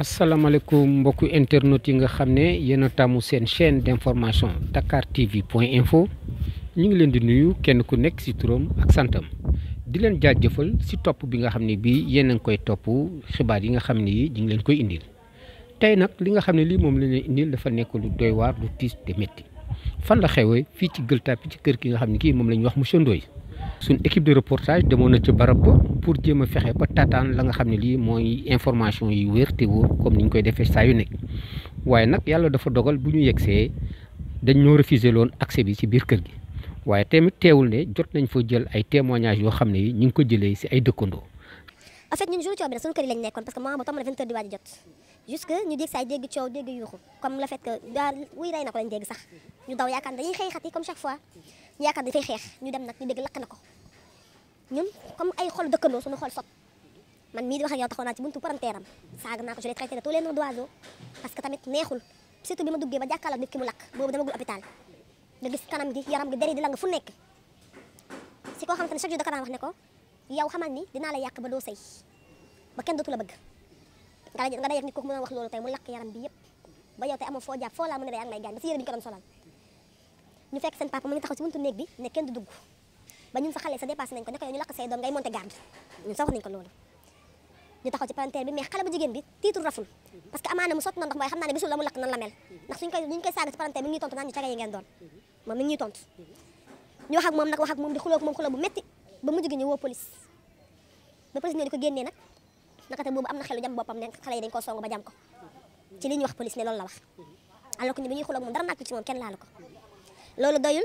asalaamaaleykum mbokku internet yi nga xam ne yéen a tàmmu seen chaîne d'information Dakar TV point info ñu ngi leen di nuyu kenn ku nekk ci turam ak santam di leen jaajëfal ci topp bi nga xam ne bii yéen a ngi koy topp xibaar yi nga xam ne yi ñu ngi leen koy indil tey nag li nga xam ne lii moom la leen indil dafa nekk lu doy waar lu tiis te métti fan la xewee fii ci Gueule Tapée ci kër ki nga xam ne kii moom la ñuy wax monsieur Ndoye suñ équipe de reportage de na barab pour jéem a fexe ba tataan la nga xam li moy information yi wér te wóor comme ni ñu koy defee saa yu nekk waaye nag yàlla dafa dogal buñu ñu dañ ñoo refusé loon accès bi ci biir kër gi waye tamit téwul né jot nañ fa jël ay témoignages yo xam ne yi ñu ngi ko jëlee si ay dekkondo en fait ñun jour ciow bi nag kër yi lañ nekkoon parce que moment ba tam la 20 h di waji jot jusque ñu dégg say dégg ciow dégg yuuxu comme la fait que daa wuy ray na ko lañ dégg sax ñu daw yaakaar dañuy xey xati comme chaque fois ñu yaakaar dafay xeex ñu dem nak ñu dégg lak na ko ñun comme ay xol dëkkandoo suñu xol sot man mii di wax ak yow taxaw naa ci buntu paranteeram saaga naa ko je l'ai traité de que tamit neexul surtout bi ma duggee ba jàkkaarloo nit ki mu lakk boobu dama gul hôpital la nga fu nekk si koo xamante ne chaque da ka ko yow xamal ni dinaa la yàq ba ba kenn dootu la bëgg nga nga day yeg nit kooku mën a wax loolu tey mu lakk yaram bi yëpp ba yow tey amoo foo jàpp foo laa mën a day ak may gaañ ba si yére bi ñu solal ñu fekk seen papa mu ngi taxaw si buntu néeg bi ne kenn du dugg banyun sa kalesa sa pasen nañ ko ne ko yow gay monte gam nyun ngay sa wax nañ ko loolu ñu taxaw ci palanteer bi mais bi tiitul raful pas ka amana musot sotti na ndox ne bisul la mu lamel nak la mel nyun suñ sagas ñu koy nyuton tunan palanteer mi ngi tontu naan ñu caga yi ngeen doon moom mi di xuloo ko moom bu metti ba mujj gi ñu di nak amna na xelu jam bopam ne xale dañ koo ba jam ko ci li ñu wax police ne loolu la wax alors que ñu bi ñuy xuloo ken dara ko doyul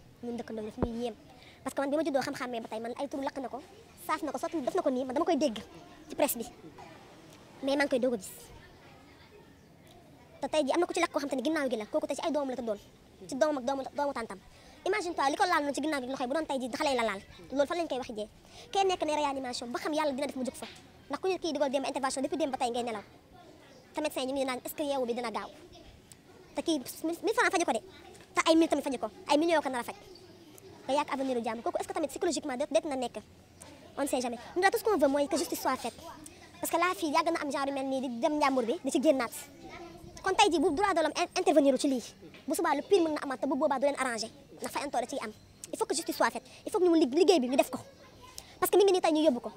ñun dëkkandoo daf ñuy yéem parce que man bi ma juddoo xam-xammee ba tey man ay tur lakk na ko saaf na ko sotti def na ko nii man dama koy dégg ci presse bi mais a gis te tey ji am na ku ci lakk koo xam te ne ginnaaw gi la kooku ko laal ji xale la laal loolu fan lañ koy wax jee kenn nekk ne réanimation ba xam yàlla dina def mu jóg fa ndax ku ñu kii digool démb intervention depuis démb ba tey ngay nelaw te médecin ñu ngi naan est-ce que yeewu bi dina gaaw te kii 1000 francs faje ko de ay mille tamit faje ko faj nga yàq avenir u kooku est ce que tamit psychologiquement det na nekk on ne sait jamais nous tout ce qu'on veut justice soit faite parce que la fille na am genre yu di dem njàmbur bi di ci génnaat kon tey ji bu droit de l'homme intervenir ci lii bu subaa le pire mën na amaat bu boobaa du leen arrangé ndax fa intoore am il faut que justice soit faite il faut que ñu liggéey bi ñu def ko parce que mi ngi nii tey ñu yóbbu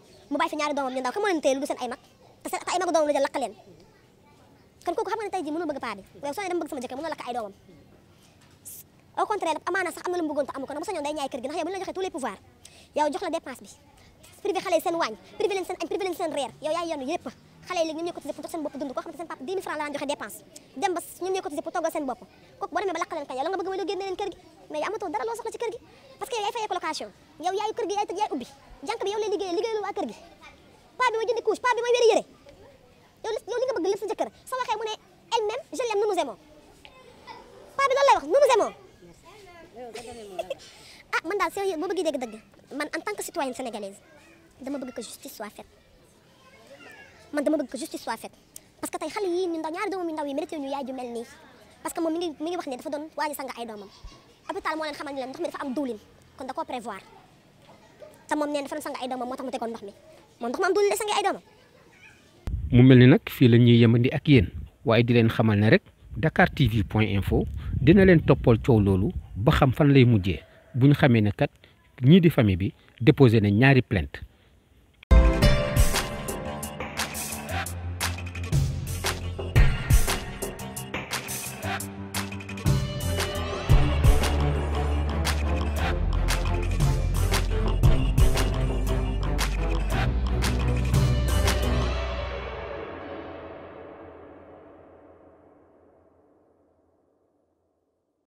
au contraire amaana sax am na lu mu bëggoon te amu ko nag bu sañoon day ñaay kër gi ndax yow bu ñu la joxee tous les pouvoirs yow jox la dépense bi privé xale yi seen waañ privé leen seen añ privé leen seen reer yow yaay yoonu yëpp xale yi léegi ñoom ñooy cotiser pour jox seen bopp dund koo xamante seen papa 10 000 francs la daan joxe dépense dem ba ñoom ñooy cotiser pour toggal seen bopp kooku boo demee ba lakk leen kañ yow la nga bëgg mooy loo génne leen kër gi mais yow amatoo dara loo soxla ci kër gi parce que yow yaay fayee location yow yaay kër gi yaay tëj yaay ubbi jànk bi yow lay liggéeyee liggéeyul waa kër gi pa bi mooy jëndi couche pa bi mooy wéri yére yow yow li nga bëgg lépp sa jëkkër soo waxee mu ne elle-même je l'aime nous nous aimons pa bi loolu lay wax nous nous aimons ah man daal sérieux boo bëggee dégg dëgg man en tant que citoyenne sénégalaise dama bëgg que justice soit faite man dama bëgg que justice soit faite parce que tey xale yii ñu ndaw ñaari doomam yu ndaw yi mérité ñu yaay ju melni. nii parce que mo mi ngi mi ngi wax ne dafa doon waji sanga ay doomam hôpital mo leen xamal ni leen ndox mi dafa am doulin. kon da ko prévoir Ta mom nee dafa doon sanga ay doomam moo tax mu tegoon ndox mi Mo ndox mi am doulin lay sanga ay doomam mu melni nak fi lañ ñuy yëmandi ak yeen. Waye di leen xamal ne rek dakartv.info dina len topol ciow lolou ba xam fan lay mujjee bu ñu xamee ne kat ñii di famille bi déposé na ñaari plainte